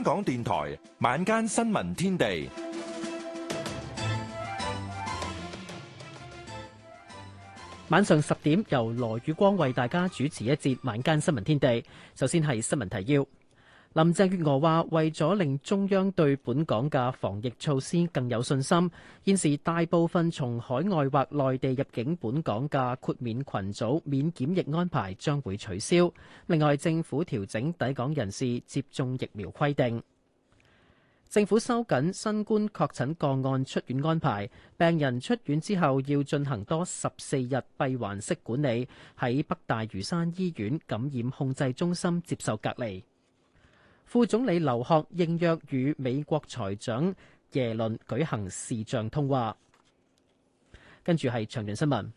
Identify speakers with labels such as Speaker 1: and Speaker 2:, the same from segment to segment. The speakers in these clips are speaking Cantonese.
Speaker 1: 香港電台晚間新聞天地，
Speaker 2: 晚上十點由羅宇光為大家主持一節晚間新聞天地。首先係新聞提要。林鄭月娥話：為咗令中央對本港嘅防疫措施更有信心，現時大部分從海外或內地入境本港嘅豁免群組免檢疫安排將會取消。另外，政府調整抵港人士接種疫苗規定，政府收緊新冠確診個案出院安排，病人出院之後要進行多十四日閉環式管理，喺北大嶼山醫院感染控制中心接受隔離。副總理劉鶴應約與美國財長耶倫舉行視像通話。跟住係長短新聞，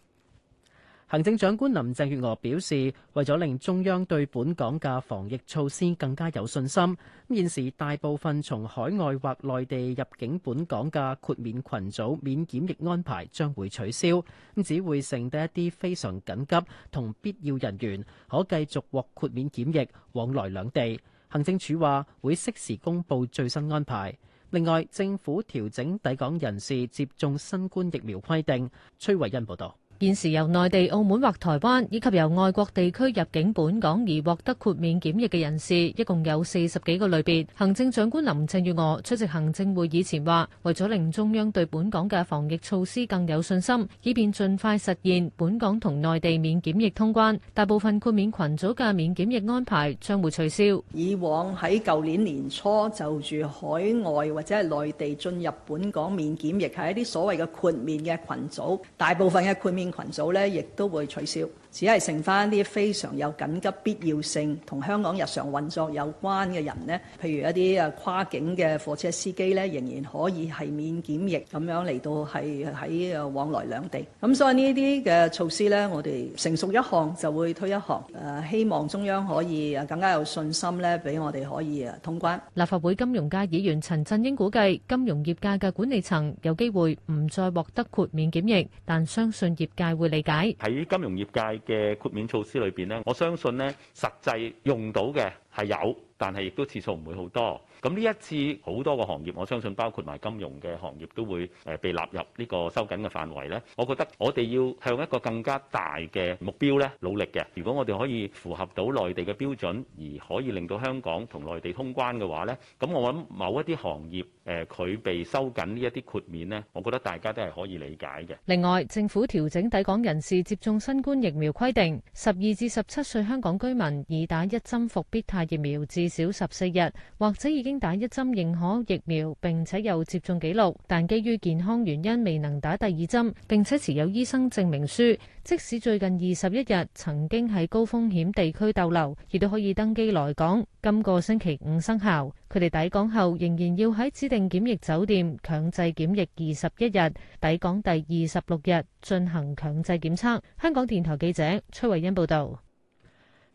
Speaker 2: 行政長官林鄭月娥表示，為咗令中央對本港嘅防疫措施更加有信心，咁現時大部分從海外或內地入境本港嘅豁免群組免檢疫安排將會取消，咁只會剩低一啲非常緊急同必要人員可繼續獲豁免檢疫，往來兩地。行政署話會適時公布最新安排。另外，政府調整抵港人士接種新冠疫苗規定，崔維
Speaker 3: 恩報道。現時由內地、澳門或台灣，以及由外國地區入境本港而獲得豁免檢疫嘅人士，一共有四十幾個類別。行政長官林鄭月娥出席行政會議前話，為咗令中央對本港嘅防疫措施更有信心，以便盡快實現本港同內地免檢疫通關，大部分豁免群組嘅免檢疫
Speaker 4: 安排將會取消。以往喺舊年年初就住海外或者係內地進入本港免檢疫，係一啲所謂嘅豁免嘅群組，大部分嘅豁免。群組呢亦都會取消，只係剩翻啲非常有緊急必要性同香港日常運作有關嘅人呢，譬如一啲誒跨境嘅貨車司機呢，仍然可以係免檢疫咁樣嚟到係喺往來兩地。咁所以呢啲嘅措施呢，我哋成熟一項就會推一項。誒，希望中央可以誒更加有信心呢，俾我哋可以誒通關。
Speaker 3: 立法會金融界議員陳振英估計，金融業界嘅管理層有機會唔再獲得豁免檢疫，但相信業界會理解，
Speaker 5: 喺金融業界嘅豁免措施裏邊咧，我相信咧實際用到嘅係有，但係亦都次數唔會好多。咁呢一次好多個行業，我相信包括埋金融嘅行業都會誒被納入呢個收緊嘅範圍咧。我覺得我哋要向一個更加大嘅目標咧努力嘅。如果我哋可以符合到內地嘅標準，而可以令到香港同內地通關嘅話咧，咁我諗某一啲行業誒佢被收緊呢一啲豁免咧，我覺得大家都係可以理解嘅。
Speaker 3: 另外，政府調整抵港人士接種新冠疫苗規定，十二至十七歲香港居民已打一針復必泰疫苗至少十四日，或者已經打一針認可疫苗，並且有接種記錄，但基於健康原因未能打第二針，並且持有醫生證明書，即使最近二十一日曾經喺高風險地區逗留，亦都可以登機來港。今個星期五生效，佢哋抵港後仍然要喺指定檢疫酒店強制檢疫二十一日，抵港第二十六日進行強制檢測。香港電台記者崔慧恩報道。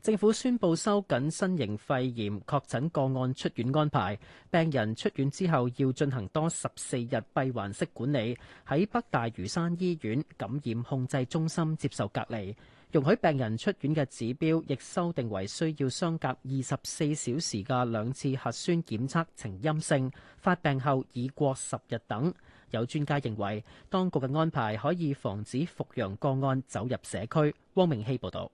Speaker 3: 政府宣布
Speaker 2: 收緊新型肺炎確診個案出院安排，病人出院之後要進行多十四日閉環式管理，喺北大嶼山醫院感染控制中心接受隔離，容許病人出院嘅指標亦修訂為需要相隔二十四小時嘅兩次核酸檢測呈陰性，發病後已過十日等。有專家認為，當局嘅安排可以防止復陽個案走入社區，汪明希報道。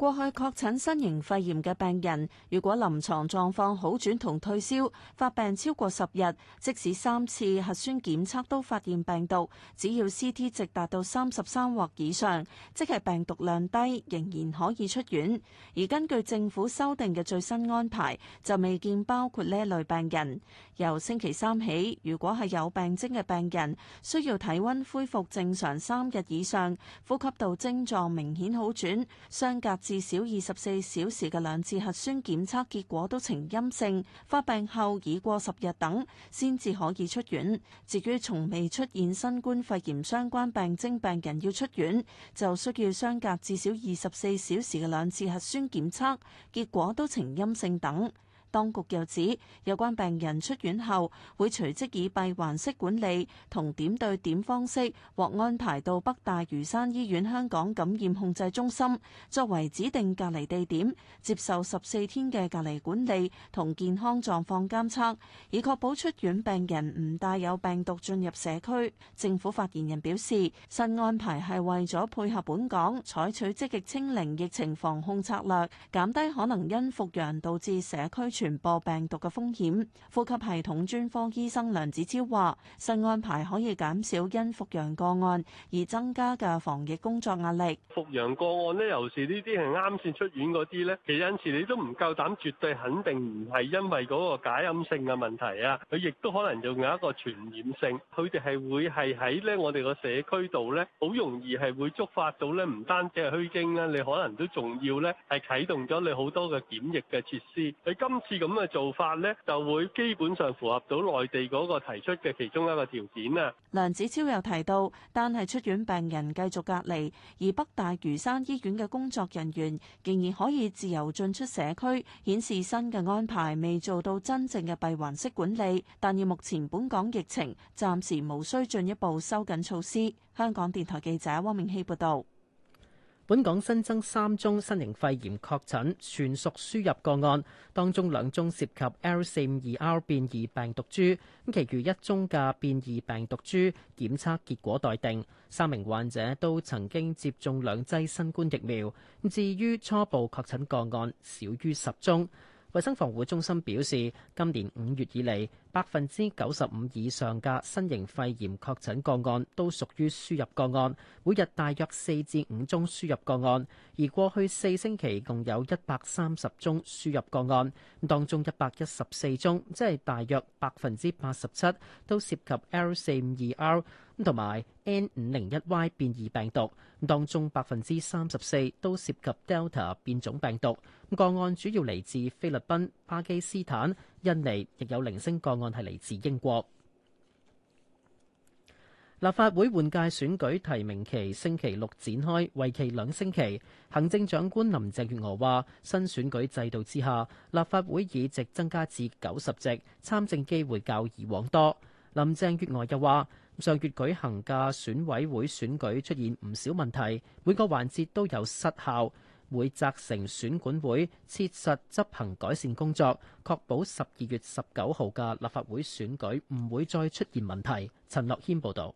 Speaker 6: 過去確診新型肺炎嘅病人，如果臨床狀況好轉同退燒，發病超過十日，即使三次核酸檢測都發現病毒，只要 CT 值達到三十三或以上，即係病毒量低，仍然可以出院。而根據政府修訂嘅最新安排，就未見包括呢類病人。由星期三起，如果係有病徵嘅病人，需要體温恢復正常三日以上，呼吸道症狀明顯好轉，相隔至少二十四小時嘅兩次核酸檢測結果都呈陰性，發病後已過十日等，先至可以出院。至於從未出現新冠肺炎相關病徵病人要出院，就需要相隔至少二十四小時嘅兩次核酸檢測，結果都呈陰性等。當局又指，有關病人出院後會隨即以閉環式管理同點對點方式，獲安排到北大嶼山醫院香港感染控制中心作為指定隔離地點，接受十四天嘅隔離管理同健康狀況監測，以確保出院病人唔帶有病毒進入社區。政府發言人表示，新安排係為咗配合本港採取積極清零疫情防控策略，減低可能因復陽導致社區傳播病毒嘅風險，呼吸系統專科醫生梁子超話：新安排可以減少因復陽個案而增加嘅防疫工作壓力。
Speaker 7: 復陽個案呢，尤其是呢啲係啱先出院嗰啲呢，其實有陣時你都唔夠膽絕對肯定唔係因為嗰個假陰性嘅問題啊，佢亦都可能仲有一個傳染性，佢哋係會係喺呢我哋個社區度呢。好容易係會觸發到呢，唔單止係虛驚啊，你可能都仲要呢，係啟動咗你好多嘅檢疫嘅設施。你今啲咁嘅做法呢，就會基本上符合到內地嗰個提出嘅其中一個條件啊，
Speaker 6: 梁子超又提到，但係出院病人繼續隔離，而北大嶼山醫院嘅工作人員仍然可以自由進出社區，顯示新嘅安排未做到真正嘅閉環式管理。但要目前本港疫情暫時無需進一步收緊措施。香港電台記者汪明熙報導。
Speaker 2: 本港新增三宗新型肺炎確診，全屬輸入個案，當中兩宗涉及 L 四五二 R 變異病毒株，咁，其餘一宗嘅變異病毒株檢測結果待定。三名患者都曾經接種兩劑新冠疫苗。至於初步確診個案少於十宗。衛生防護中心表示，今年五月以嚟，百分之九十五以上嘅新型肺炎確診個案都屬於輸入個案，每日大約四至五宗輸入個案，而過去四星期共有一百三十宗輸入個案，咁當中一百一十四宗，即係大約百分之八十七都涉及 L 四五二 R。同埋 N 五零一 Y 變異病毒，當中百分之三十四都涉及 Delta 變種病毒。咁個案主要嚟自菲律賓、巴基斯坦、印尼，亦有零星個案係嚟自英國。立法會換屆選舉提名期星期六展開，為期兩星期。行政長官林鄭月娥話，新選舉制度之下，立法會議席增加至九十席，參政機會較以往多。林鄭月娥又話。上月舉行嘅選委會選舉出現唔少問題，每個環節都有失效，會責成選管會切實執行改善工作，確保十二月十九號嘅立法會選舉唔會
Speaker 1: 再出現問題。陳樂謙報導。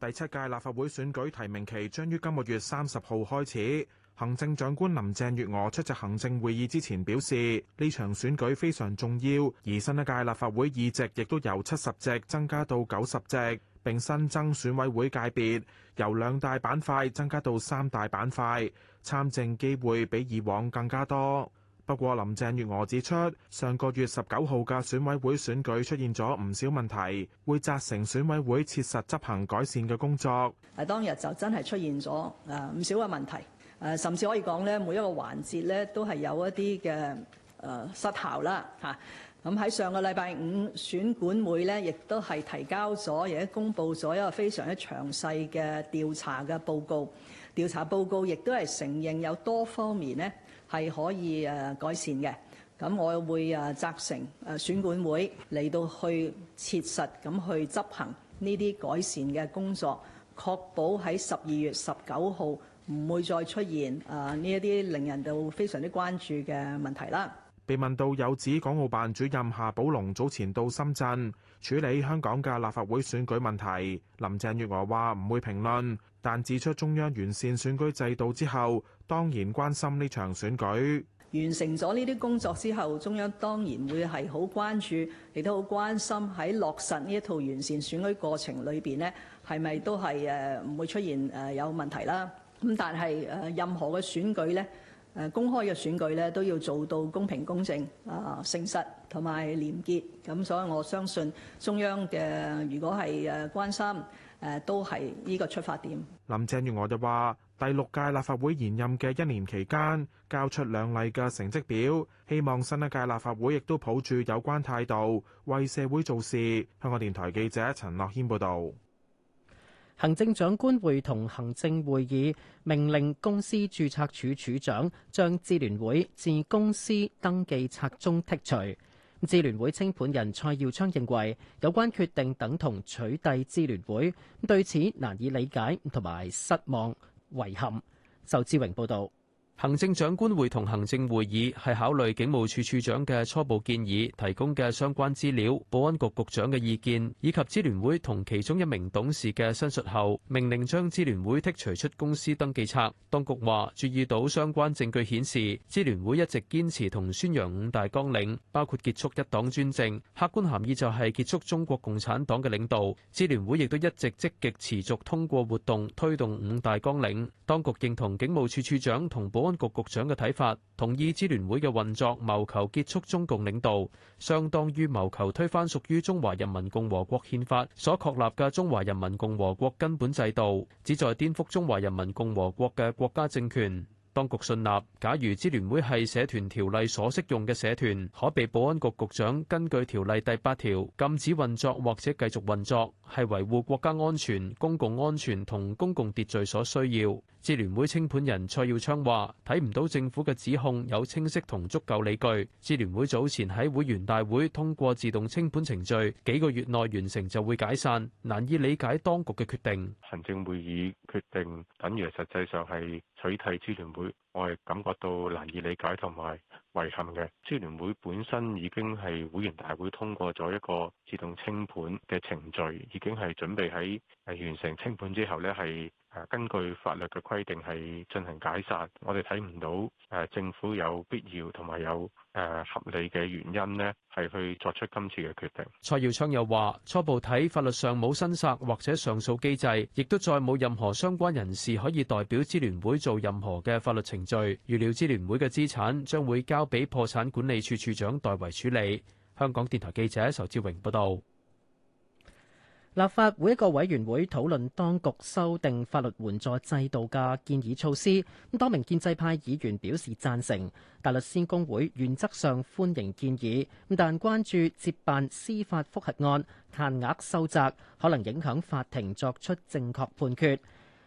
Speaker 1: 第七屆立法會選舉提名期將於今個月三十號開始。行政長官林鄭月娥出席行政會議之前表示，呢場選舉非常重要，而新一屆立法會議席亦都由七十席增加到九十席。並新增選委會界別，由兩大板塊增加到三大板塊，參政機會比以往更加多。不過林鄭月娥指出，上個月十九號嘅選委會選舉出現咗唔少問題，會責成選委會切實執行改善嘅工作。
Speaker 4: 係當日就真係出現咗誒唔少嘅問題，誒甚至可以講呢每一個環節呢都係有一啲嘅失效啦嚇。咁喺上個禮拜五，選管會咧亦都係提交咗，亦都公布咗一個非常之詳細嘅調查嘅報告。調查報告亦都係承認有多方面咧係可以誒改善嘅。咁我會誒責成誒選管會嚟到去切實咁去執行呢啲改善嘅工作，確保喺十二月十九號唔會再出現誒呢一啲令人到非常之關注嘅問題啦。
Speaker 1: 被問到有指港澳辦主任夏寶龍早前到深圳處理香港嘅立法會選舉問題，林鄭月娥話唔會評論，但指出中央完善選舉制度之後，當然關心呢場選舉。
Speaker 4: 完成咗呢啲工作之後，中央當然會係好關注，亦都好關心喺落實呢一套完善選舉過程裏邊呢，係咪都係誒唔會出現誒有問題啦。咁但係誒任何嘅選舉呢。誒公開嘅選舉咧，都要做到公平、公正、啊、呃、誠實同埋廉潔。咁、嗯、所以我相信中央嘅如果係誒關心誒、呃，都係呢個出發點。
Speaker 1: 林鄭月娥就話：第六屆立法會延任嘅一年期間交出兩例嘅成績表，希望新一屆立法會亦都抱住有關態度為社會做事。香港電台記者陳樂軒報導。行政長官會同行政會議
Speaker 2: 命令公司註冊處處長將支聯會自公司登記冊中剔除。支聯會清盤人蔡耀昌認為有關決定等同取締支聯會，對此難以理解同埋失望遺憾。周志榮報導。
Speaker 8: 行政長官會同行政會議係考慮警務處處長嘅初步建議、提供嘅相關資料、保安局局長嘅意見，以及支聯會同其中一名董事嘅申述後，命令將支聯會剔除出公司登記冊。當局話注意到相關證據顯示，支聯會一直堅持同宣揚五大綱領，包括結束一黨專政，客觀含義就係結束中國共產黨嘅領導。支聯會亦都一直積極持續通過活動推動五大綱領。當局認同警務處處長同保安局局長嘅睇法，同意支聯會嘅運作，謀求結束中共領導，相當於謀求推翻屬於中華人民共和國憲法所確立嘅中華人民共和國根本制度，旨在顛覆中華人民共和國嘅國家政權。當局信納，假如支聯會係社團條例所適用嘅社團，可被保安局局長根據條例第八條禁止運作或者繼續運作，係維護國家安全、公共安全同公共秩序所需要。支聯會清盤人蔡耀昌話，睇唔到政府嘅指控有清晰同足夠理據。支聯會早前喺會員大會通過自動清盤程序，幾個月內完成就會解散，難以理解當局嘅決定。行政會議決定，等於實
Speaker 5: 際上係取締支聯會，我係感覺到難以理解同埋遺憾嘅。支聯會本身已經係會員大會通過咗一個自動清盤嘅程序，已經係準備喺係完成清盤之後呢係。根據法律嘅規定係進行解散，我哋睇唔到誒政府有必要同埋有誒合理嘅原因呢係去作出今次嘅決定。
Speaker 8: 蔡耀昌又話：初步睇法律上冇申索或者上訴機制，亦都再冇任何相關人士可以代表支聯會做任何嘅法律程序。預料支聯會嘅資產將會交俾破產管理處處長代為處理。香港電台記者仇志榮報道。
Speaker 2: 立法會一個委員會討論當局修訂法律援助制度嘅建議措施，多名建制派議員表示贊成，大律師公會原則上歡迎建議，但關注接辦司法覆核案限額收窄，可能影響法庭作出正確判決。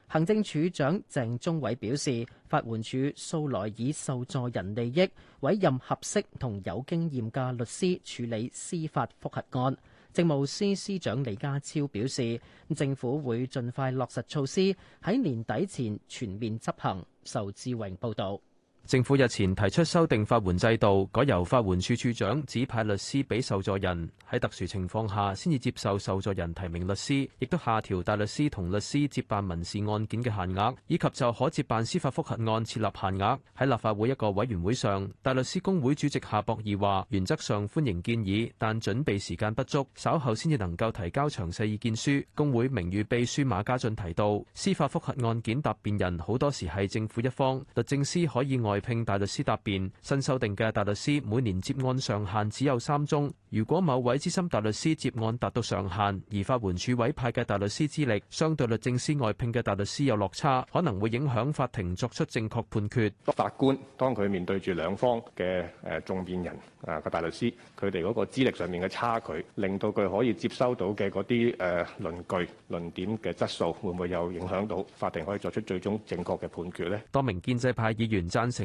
Speaker 2: 行政署長鄭中偉表示，法援署素來以受助人利益委任合適同有經驗嘅律師處理司法覆核案。政務司司長李家超表示，政府會盡快落實措施，喺年底前全面執行。仇志榮報道。
Speaker 8: 政府日前提出修訂法援制度，改由法援處處長指派律師俾受助人，喺特殊情況下先至接受受助人提名律師，亦都下調大律師同律師接辦民事案件嘅限額，以及就可接辦司法複核案設立限額。喺立法會一個委員會上，大律師公會主席夏博義話：原則上歡迎建議，但準備時間不足，稍後先至能夠提交詳細意見書。公會名譽秘書馬家俊提到，司法複核案件答辯人好多時係政府一方，律政司可以外外聘大律師答辯，新修訂嘅大律師每年接案上限只有三宗。如果某位資深大律師接案達到上限，而法援處委派嘅大律師資歷相對律政司外聘嘅大律師有落差，可能會影
Speaker 5: 響法庭作出正確
Speaker 8: 判決。
Speaker 7: 法官當佢面對住兩方嘅誒，訟
Speaker 5: 辯人啊個大律師，佢哋嗰個資歷上面嘅差距，令到佢可以接收到嘅嗰啲誒論據、論點嘅質素，會唔會有影響到法庭可以作出最終正確嘅判決咧？
Speaker 8: 多名建制派議員贊成。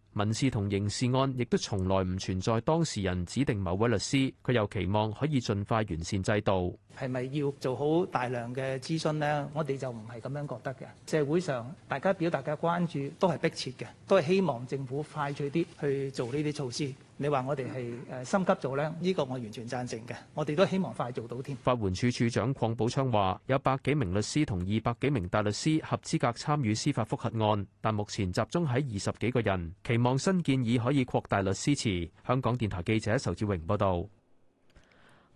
Speaker 8: 民事同刑事案亦都從來唔存在當事人指定某位律師，佢又期望可以盡快完善制度。
Speaker 5: 係咪要做好大量嘅諮詢呢？我哋就唔係咁樣覺得嘅。社會上大家表達嘅關注都係迫切嘅，都係希望政府快脆啲去做呢啲措施。你話我哋係誒心急做呢，呢個我完全贊成嘅。我哋都希望快做到添。
Speaker 8: 法援處處長鄺寶昌話：有百幾名律師同二百幾名大律師合資格參與司法複核案，但目前集中喺二十幾個人。期望新建議可以擴大律師池。香港電台記者仇志榮報道。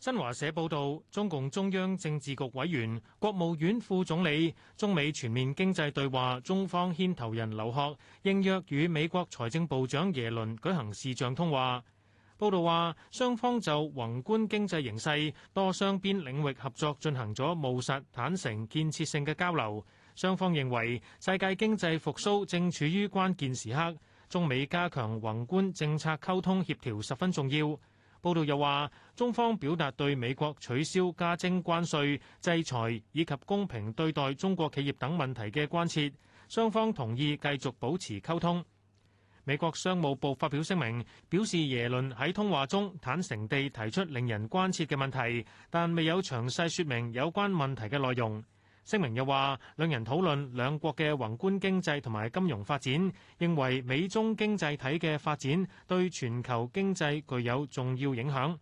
Speaker 5: 新華社報道，中共中央政治局委員、國務院副總理、中美全面經濟對話中方牽頭人劉鶴應約與美國財政部長耶倫舉行視像通話。報道話，雙方就宏觀經濟形勢、多雙邊領域合作進行咗務實、坦誠、建設性嘅交流。雙方認為，世界經濟復蘇正處於關鍵時刻，中美加強宏觀政策溝通協調十分重要。報道又話，中方表達對美國取消加徵關稅、制裁以及公平對待中國企業等問題嘅關切，雙方同意繼續保持溝通。美國商務部發表聲明，表示耶倫喺通話中坦誠地提出令人關切嘅問題，但未有詳細說明有關問題嘅內容。聲明又話，兩人討論兩國嘅宏觀經濟同埋金融發展，認為美中經濟體嘅發展對全球經濟具有重要影響。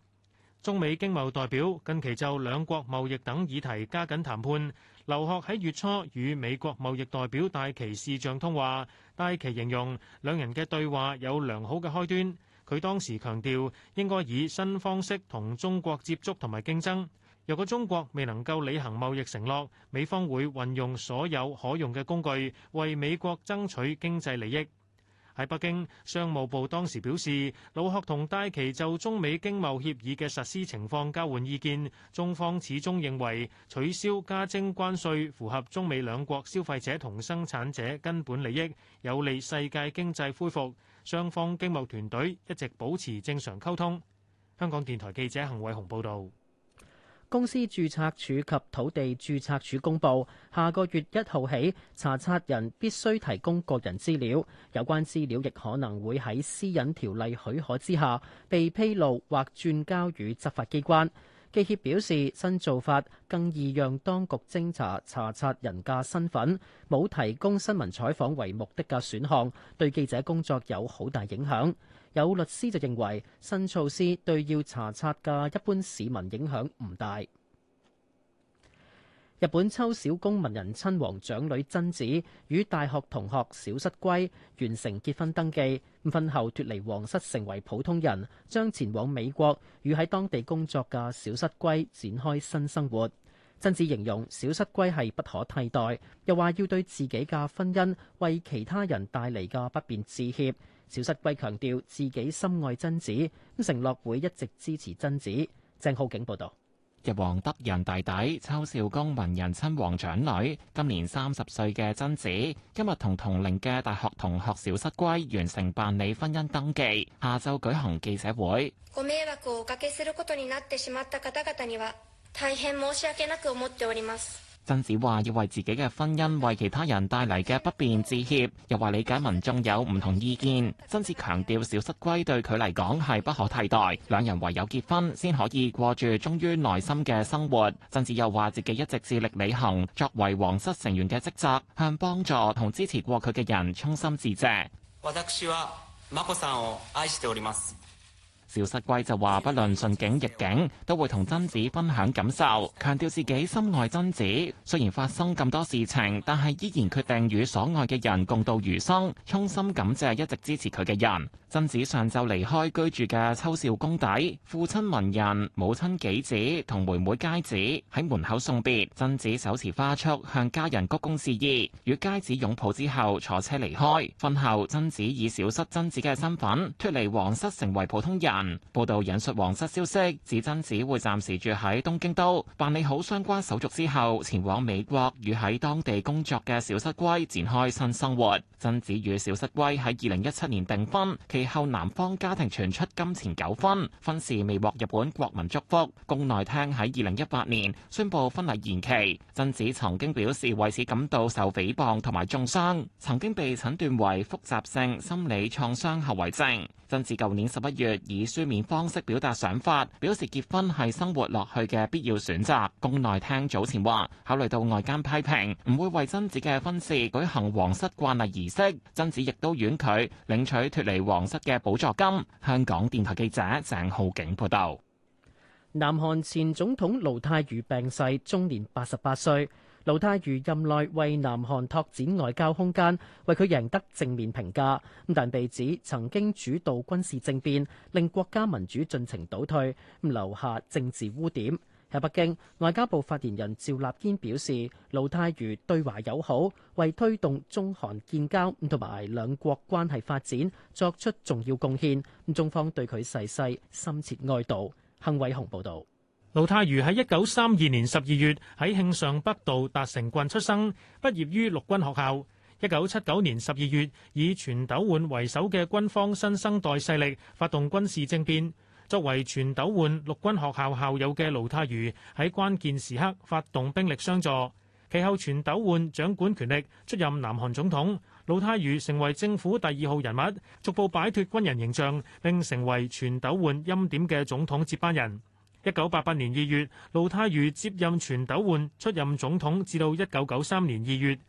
Speaker 5: 中美經貿代表近期就兩國貿易等議題加緊談判。劉鶴喺月初與美國貿易代表戴奇視像通話，戴奇形容兩人嘅對話有良好嘅開端。佢當時強調，應該以新方式同中國接觸同埋競爭。若果中國未能夠履行貿易承諾，美方會運用所有可用嘅工具，為美國爭取經濟利益。喺北京，商務部當時表示，劉鶴同戴琪就中美經貿協議嘅實施情況交換意見，中方始終認為取消加徵關稅符合中美兩國消費者同生產者根本利益，有利世界經濟恢復。雙方經貿團隊一直保持正常溝通。香港電台記者陳偉雄報道。
Speaker 2: 公司註冊處及土地註冊處公布，下個月一號起，查冊人必須提供個人資料。有關資料亦可能會喺私隱條例許可之下被披露或轉交予執法機關。記協表示，新做法更易讓當局偵查查冊人嘅身份，冇提供新聞採訪為目的嘅選項，對記者工作有好大影響。有律師就認為新措施對要查冊嘅一般市民影響唔大。日本秋篠宮文仁親王長女真子與大學同學小室圭完成結婚登記，婚後脱離皇室成為普通人，將前往美國與喺當地工作嘅小室圭展開新生活。真子形容小室圭係不可替代，又話要對自己嘅婚姻為其他人帶嚟嘅不便致歉。小室圭強調自己深愛真子，咁承諾會一直支持真子。鄭浩景報道：「日皇德仁弟弟秋篠宮
Speaker 9: 文仁親王長女，今年三十歲嘅真子，今日同同齡嘅大學同學小室圭完成辦理婚姻登記，下週舉行記者會。曾子話：要為自己嘅婚姻、為其他人帶嚟嘅不便致歉，又話理解民眾有唔同意見。曾子強調，小室圭對佢嚟講係不可替代，兩人唯有結婚先可以過住忠於內心嘅生活。曾子又話：自己一直致力履行作為皇室成員嘅職責，向幫助同支持過佢嘅人衷心致謝。小室圭就話：不論順境逆境，都會同真子分享感受，強調自己深愛真子。雖然發生咁多事情，但係依然決定與所愛嘅人共度餘生，衷心感謝一直支持佢嘅人。真子上晝離開居住嘅秋篠宮邸，父親文仁、母親紀子同妹妹佳子喺門口送別。真子手持花束向家人鞠躬示意，與佳子擁抱之後坐車離開。婚後真子以小室真子嘅身份脱離皇室，成為普通人。報道引述皇室消息，指真子會暫時住喺東京都，辦理好相關手續之後，前往美國與喺當地工作嘅小室圭展開新生活。真子與小室圭喺二零一七年訂婚，其後男方家庭傳出金錢糾紛，婚事未獲日本國民祝福。宮內廳喺二零一八年宣布婚禮延期。真子曾經表示，為此感到受誹謗同埋中傷，曾經被診斷為複雜性心理創傷後遺症。真子舊年十一月以書面方式表達想法，表示結婚係生活落去嘅必要選擇。宮內廳早前話，考慮到外間批評，唔會為真子嘅婚事舉行皇室慣例儀式。真子亦都婉拒領取脱離皇室嘅補助金。香港電台記者鄭浩景報道。
Speaker 2: 南韓前總統盧泰愚病逝，終年八十八歲。盧泰愚任內為南韓拓展外交空間，為佢贏得正面評價。但被指曾經主導軍事政變，令國家民主進程倒退，留下政治污點。喺北京，外交部發言人趙立堅表示，盧泰愚對華友好，為推動中韓建交同埋兩國關係發展作出重要貢獻。中方對佢逝世，世深切哀悼。幸偉雄報導。
Speaker 5: 盧泰愚喺一九三二年十二月喺慶尚北道達成郡出生，畢業於陸軍學校。一九七九年十二月，以全斗煥為首嘅軍方新生代勢力發動軍事政變，作為全斗煥陸軍學校校友嘅盧泰愚喺關鍵時刻發動兵力相助。其後全斗煥掌管權力，出任南韓總統，盧泰愚成為政府第二號人物，逐步擺脫軍人形象，並成為全斗煥欽點嘅總統接班人。一九八八年二月，盧泰愚接任全斗煥出任總統，至到一九九三年二月，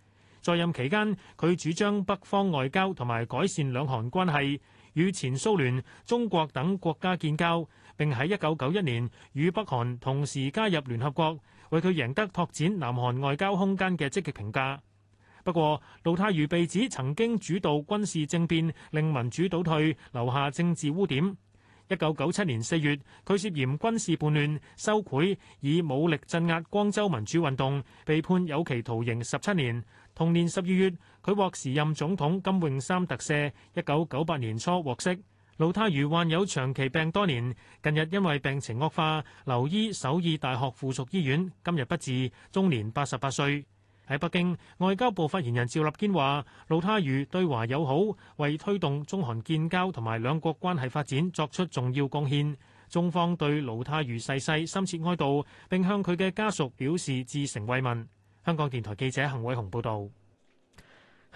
Speaker 5: 在任期間，佢主張北方外交同埋改善兩韓關係，與前蘇聯、中國等國家建交，並喺一九九一年與北韓同時加入聯合國，為佢贏得拓展南韓外交空間嘅積極評價。不過，盧泰愚被指曾經主導軍事政變，令民主倒退，留下政治污點。一九九七年四月，佢涉嫌軍事叛亂，收賄，以武力鎮壓光州民主運動，被判有期徒刑十七年。同年十二月，佢獲時任總統金泳三特赦。一九九八年初獲釋，盧泰愚患有長期病多年，近日因為病情惡化，留醫首爾大學附屬醫院。今日不治，終年八十八歲。喺北京，外交部發言人趙立堅話盧泰愚對華友好，為推動中韓建交，同埋兩國關係發展作出重要貢獻。中方對盧泰愚逝世深切哀悼，並向佢嘅家屬表示致誠慰
Speaker 2: 問。香港電台記者幸偉雄報道。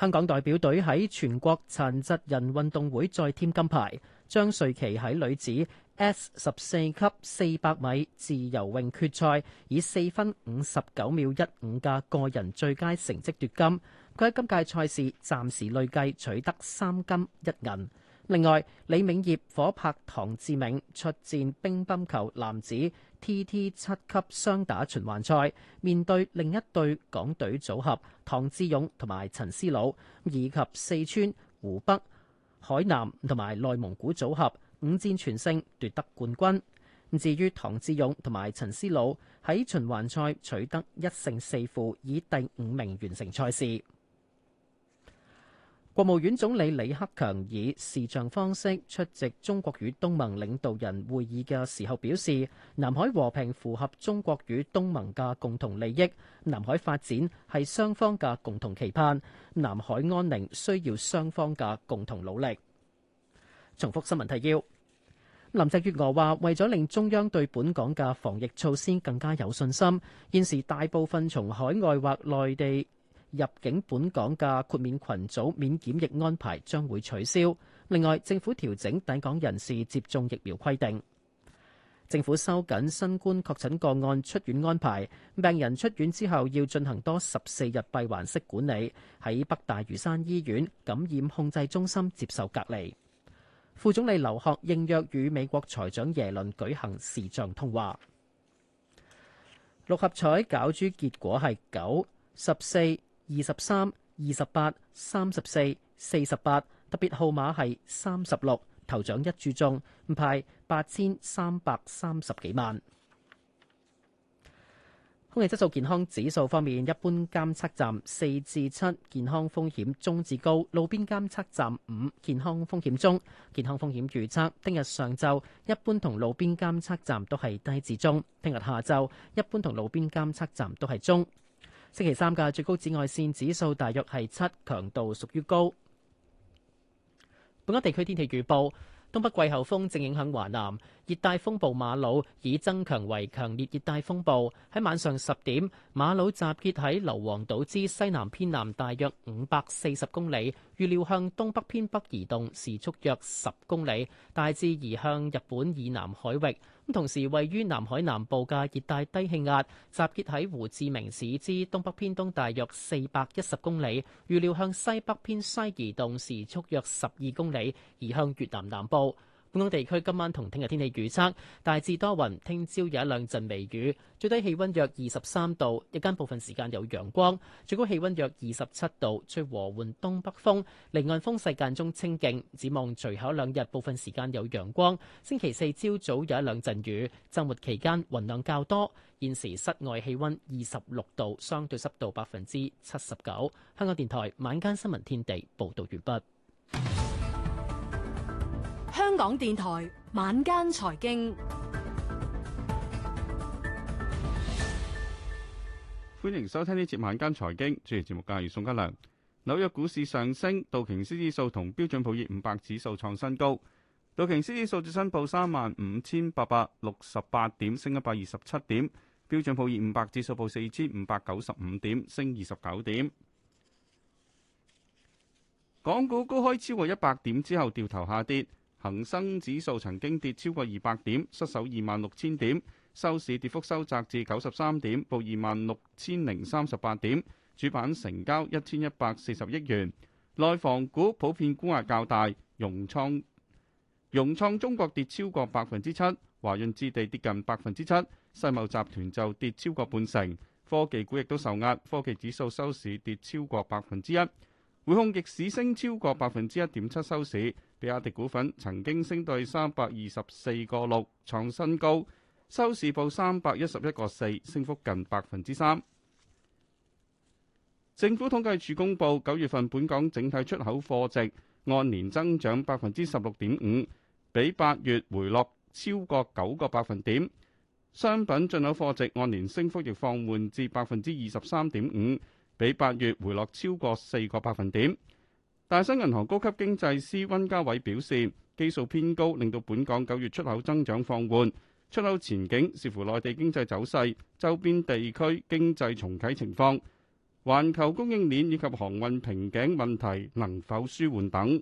Speaker 2: 香港代表隊喺全國殘疾人運動會再添金牌，張瑞琪喺女子 S 十四級四百米自由泳決賽，以四分五十九秒一五嘅個人最佳成績奪金。佢喺今屆賽事暫時累計取得三金一銀。另外，李銘業、火拍、唐志明出戰乒乓球男子 TT 七級雙打循環賽，面對另一隊港隊組合唐志勇同埋陳思魯，以及四川、湖北、海南同埋內蒙古組合。五戰全勝奪得冠軍。至於唐志勇同埋陳思魯喺循環賽取得一勝四負，以第五名完成賽事。國務院總理李克強以視像方式出席中國與東盟領導人會議嘅時候表示，南海和平符合中國與東盟嘅共同利益，南海發展係雙方嘅共同期盼，南海安寧需要雙方嘅共同努力。重複新聞提要。林鄭月娥話：為咗令中央對本港嘅防疫措施更加有信心，現時大部分從海外或內地入境本港嘅豁免群組免檢疫安排將會取消。另外，政府調整抵港人士接種疫苗規定。政府收緊新冠確診個案出院安排，病人出院之後要進行多十四日閉環式管理，喺北大嶼山醫院感染控制中心接受隔離。副總理劉鶴應約與美國財長耶倫舉行視像通話。六合彩攪珠結果係九、十四、二十三、二十八、三十四、四十八，特別號碼係三十六，頭獎一注中，唔派八千三百三十幾萬。空氣質素健康指數方面，一般監測站四至七，7，健康風險中至高；路邊監測站五，健康風險中。健康風險預測：聽日上晝一般同路邊監測站都係低至中；聽日下晝一般同路邊監測站都係中。星期三嘅最高紫外線指數大約係七，強度屬於高。本港地區天氣預報。東北季候風正影響華南，熱帶風暴馬魯已增強為強烈熱帶風暴。喺晚上十點，馬魯集結喺硫磺島之西南偏南大約五百四十公里，預料向東北偏北移動，時速約十公里，大致移向日本以南海域。同時，位於南海南部嘅熱帶低氣壓，集結喺胡志明市之東北偏東大約四百一十公里，預料向西北偏西移動，時速約十二公里，移向越南南部。本港地區今晚同聽日天氣預測大致多雲，聽朝有一兩陣微雨，最低氣温約二十三度，日間部分時間有陽光，最高氣温約二十七度，吹和緩東北風，離岸風勢間中清勁。展望隨後兩日部分時間有陽光，星期四朝早有一兩陣雨，周末期間雲量較多。現時室外氣温二十六度，相對濕度百分之七十九。香港電台晚間新聞天地報道完畢。
Speaker 4: 香港電台晚間財經，歡迎
Speaker 7: 收聽呢節晚間財經。主持節目嘅係宋嘉良。紐約股市上升，道瓊斯指數同標準普爾五百指數創新高。道瓊斯指數最新報三萬五千八百六十八點，升一百二十七點；標準普爾五百指數報四千五百九十五點，升二十九點。港股高開超過一百點之後，掉頭下跌。恒生指數曾經跌超過二百點，失守二萬六千點，收市跌幅收窄至九十三點，報二萬六千零三十八點。主板成交一千一百四十億元，內房股普遍沽壓較大，融創融創中國跌超過百分之七，華潤置地跌近百分之七，世茂集團就跌超過半成。科技股亦都受壓，科技指數收市跌超過百分之一。匯控逆市升超過百分之一點七收市。比亞迪股份曾經升到三百二十四個六創新高，收市報三百一十一個四，升幅近百分之三。政府統計處公布，九月份本港整體出口貨值按年增長百分之十六點五，比八月回落超過九個百分點。商品進口貨值按年升幅亦放緩至百分之二十三點五。比八月回落超過四個百分點，大新銀行高級經濟師温家偉表示，基數偏高令到本港九月出口增長放緩，出口前景視乎內地經濟走勢、周邊地區經濟重啟情況、環球供應鏈以及航運瓶頸問題能否舒緩等。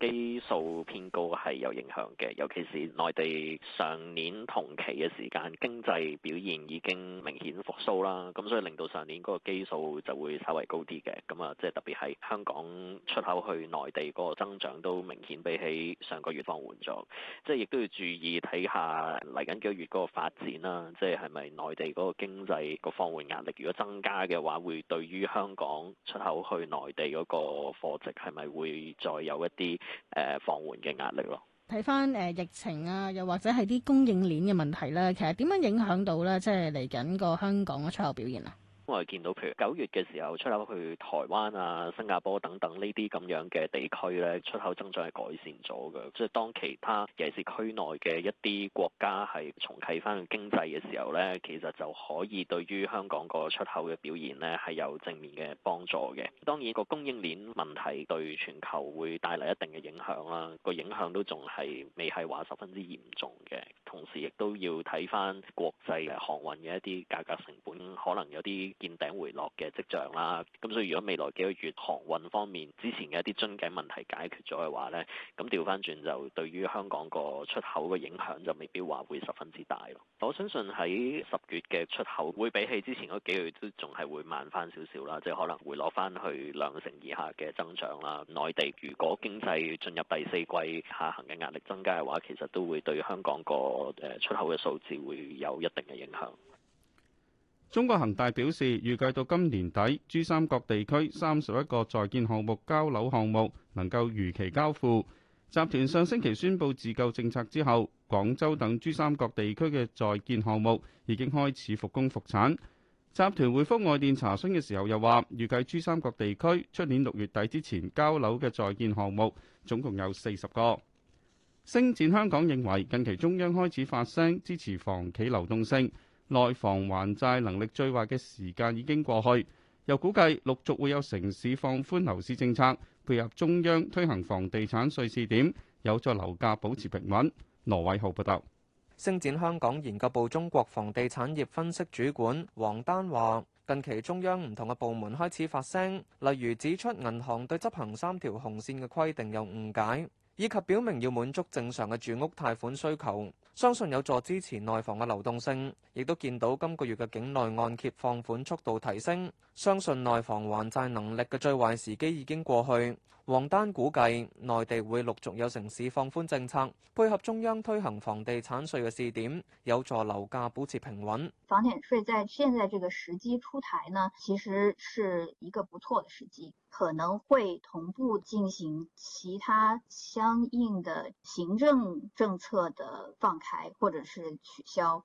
Speaker 10: 基數偏高係有影響嘅，尤其是內地上年同期嘅時間經濟表現已經明顯復甦啦，咁所以令到上年嗰個基數就會稍為高啲嘅，咁啊，即係特別係香港出口去內地嗰個增長都明顯比起上個月放緩咗，即係亦都要注意睇下嚟緊幾個月嗰個發展啦，即係係咪內地嗰個經濟個放緩壓力如果增加嘅話，會對於香港出口去內地嗰個貨值係咪會再有一啲？誒，放緩嘅壓力咯。
Speaker 11: 睇翻誒疫情啊，又或者係啲供應鏈嘅問題啦、啊。其實點樣影響到咧，即係嚟緊個香港嘅出口表現啊？
Speaker 10: 我哋見到，譬如九月嘅時候，出口去台灣啊、新加坡等等這這呢啲咁樣嘅地區咧，出口增長係改善咗嘅。所以當其他尤其是區內嘅一啲國家係重啟翻經濟嘅時候咧，其實就可以對於香港個出口嘅表現咧係有正面嘅幫助嘅。當然個供應鏈問題對全球會帶嚟一定嘅影響啦，個影響都仲係未係話十分之嚴重嘅。同時亦都要睇翻國際航運嘅一啲價格成本，可能有啲見頂回落嘅跡象啦，咁所以如果未來幾個月航運方面之前嘅一啲樽頸問題解決咗嘅話呢，咁調翻轉就對於香港個出口個影響就未必話會十分之大咯。我相信喺十月嘅出口會比起之前嗰幾個月都仲係會慢翻少少啦，即係可能回落翻去兩成以下嘅增長啦。內地如果經濟進入第四季下行嘅壓力增加嘅話，其實都會對香港個誒出口嘅數字會有一定嘅影響。
Speaker 7: 中國恒大表示，預計到今年底，珠三角地區三十一個在建項目交樓項目能夠如期交付。集團上星期宣布自救政策之後，廣州等珠三角地區嘅在建項目已經開始復工復產。集團回覆外電查詢嘅時候又話，預計珠三角地區出年六月底之前交樓嘅在建項目總共有四十個。星展香港認為，近期中央開始發聲支持房企流動性。內房還債能力最壞嘅時間已經過去，又估計陸續會有城市放寬樓市政策，配合中央推行房地產稅試點，有助樓價保持平穩。羅偉浩報道。
Speaker 12: 星展香港研究部中國房地產業分析主管黃丹話：近期中央唔同嘅部門開始發聲，例如指出銀行對執行三條紅線嘅規定有誤解。以及表明要滿足正常嘅住屋貸款需求，相信有助支持內房嘅流動性，亦都見到今個月嘅境內按揭放款速度提升，相信內房還債能力嘅最壞時機已經過去。王丹估計，內地會陸續有城市放寬政策，配合中央推行房地產稅嘅試點，有助樓價保持平穩。
Speaker 11: 房地產稅在現在這個時機出台呢，其實是一個不錯的時機，可能會同步進行其他相應的行政政策的放開，或者是取消。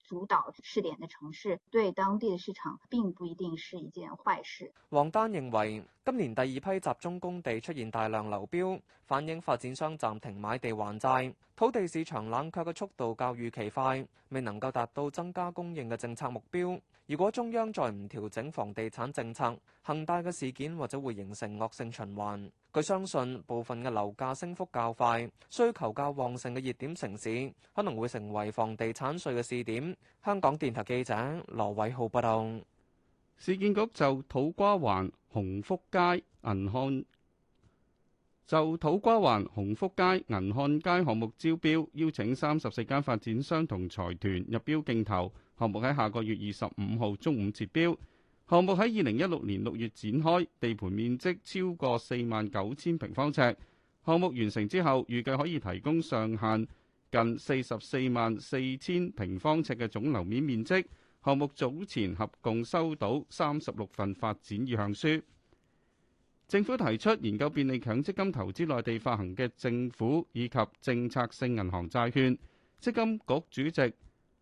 Speaker 11: 主導試點嘅城市對當地嘅市場並不一定是一件壞事。
Speaker 12: 黃丹認為，今年第二批集中供地出現大量流標，反映發展商暫停買地還債。土地市場冷卻嘅速度較預期快，未能夠達到增加供應嘅政策目標。如果中央再唔調整房地產政策，恒大嘅事件或者會形成惡性循環。佢相信部分嘅樓價升幅較快、需求較旺盛嘅熱點城市，可能會成為房地產稅嘅試點。香港電台記者羅偉浩報道。市建
Speaker 7: 局就土瓜灣鴻福街銀漢。銀就土瓜灣鴻福街銀漢街項目招標，邀請三十四間發展商同財團入標競投。項目喺下個月二十五號中午截標。項目喺二零一六年六月展開，地盤面積超過四萬九千平方尺。項目完成之後，預計可以提供上限近四十四萬四千平方尺嘅總樓面面積。項目早前合共收到三十六份發展意向書。政府提出研究便利強積金投資內地發行嘅政府以及政策性銀行債券。積金局主席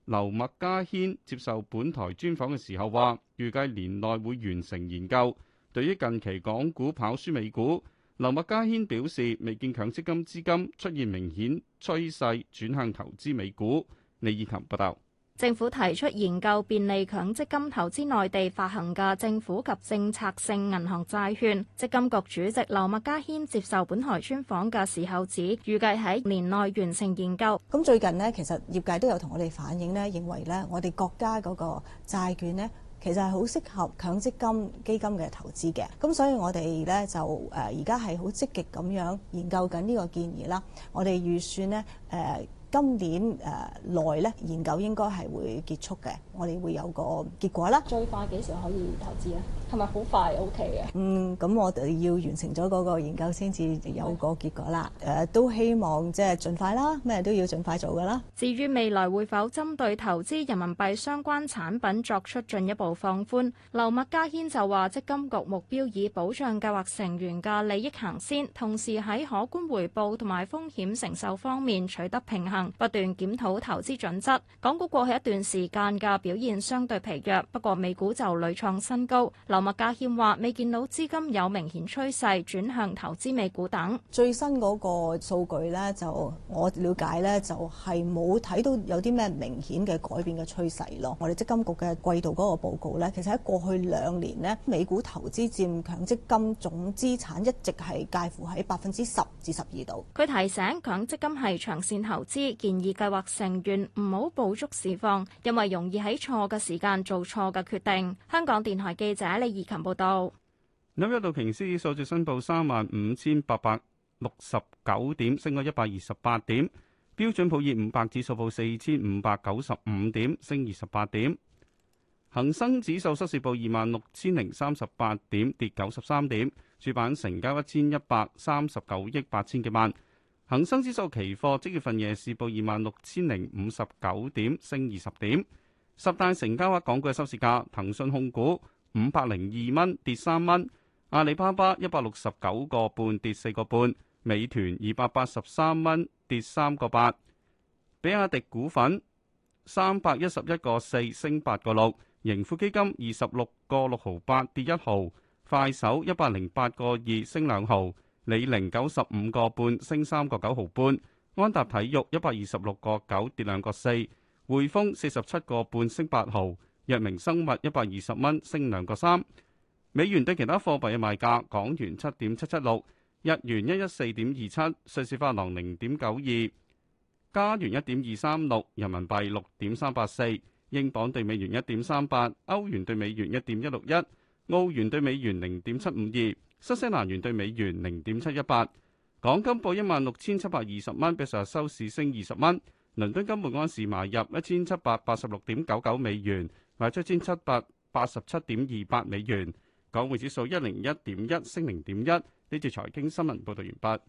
Speaker 7: 劉麥嘉軒接受本台專訪嘅時候話，預計年內會完成研究。對於近期港股跑輸美股，劉麥嘉軒表示，未見強積金資金出現明顯趨勢轉向投資美股。李意琴報道。
Speaker 11: 政府提出研究便利強積金投資內地發行嘅政府及政策性銀行債券，積金局主席劉麥嘉軒接受本台
Speaker 13: 專訪嘅時候指，預計喺年內完成研究。咁最近呢，其實業界都有同我哋反映呢，認為呢，我哋國家嗰個債券呢，其實係好適合強積金基金嘅投資嘅。咁所以我哋呢，就誒而家係好積極咁樣研究緊呢個建議啦。我哋預算呢，誒，今年誒內咧研究應該係會結束嘅，我哋會有個結果啦。最快幾時可以投資啊，係咪好快 OK 嘅？嗯，咁我哋要完成咗嗰個研究先至有個結果啦。誒、呃、都希望即係盡快啦，咩都要盡快做噶啦。
Speaker 11: 至於未來會否針對投資人民幣相關產品作出進一步放寬，劉麥嘉軒就話積金局目標以保障計劃成員嘅利益行先，同時喺可觀回報同埋風險承受方面取得平衡。不斷檢討投資準則，港股過去一段時間嘅表現相對疲弱，不過美股就屢創新高。劉麥嘉謙話：未見到資金有明顯趨勢轉向投資美股等。最
Speaker 13: 新嗰個數據呢，就我了解呢，就係冇睇到有啲咩明顯嘅改變嘅趨勢咯。我哋積金局嘅季度嗰個報告呢，其實喺過去兩年呢，美股投資佔強積金總資產一直係介乎喺百分之十至十二度。
Speaker 11: 佢提醒強積金係長線投資。建議計劃成員唔好捕捉市況，因為容易喺錯嘅時間做錯嘅決定。香港電台記者李怡勤報道：
Speaker 7: 紐約道瓊斯指數新報三萬五千八百六十九點，升咗一百二十八點；標準普爾五百指數報四千五百九十五點，升二十八點；恒生指數失勢報二萬六千零三十八點，跌九十三點。主板成交一千一百三十九億八千幾萬。恒生指數期貨即月份夜市報二萬六千零五十九點，升二十點。十大成交額港股收市價：騰訊控股五百零二蚊，跌三蚊；阿里巴巴一百六十九個半，跌四個半；美團二百八十三蚊，跌三個八；比亞迪股份三百一十一個四，升八個六；盈富基金二十六個六毫八，跌一毫；快手一百零八個二，升兩毫。李寧九十五個半升三個九毫半，安踏體育一百二十六個九跌兩個四，匯豐四十七個半升八毫，藥明生物一百二十蚊升兩個三，美元對其他貨幣嘅賣價：港元七點七七六，日元一一四點二七，瑞士法郎零點九二，加元一點二三六，人民幣六點三八四，英鎊對美元一點三八，歐元對美元一點一六一，澳元對美元零點七五二。新西蘭元對美元零點七一八，港金報一萬六千七百二十蚊，比上日收市升二十蚊。倫敦金每安士買入一千七百八十六點九九美元，賣出一千七百八十七點二八美元。港匯指數一零一點一，升零點一。呢次財經新聞報道完畢。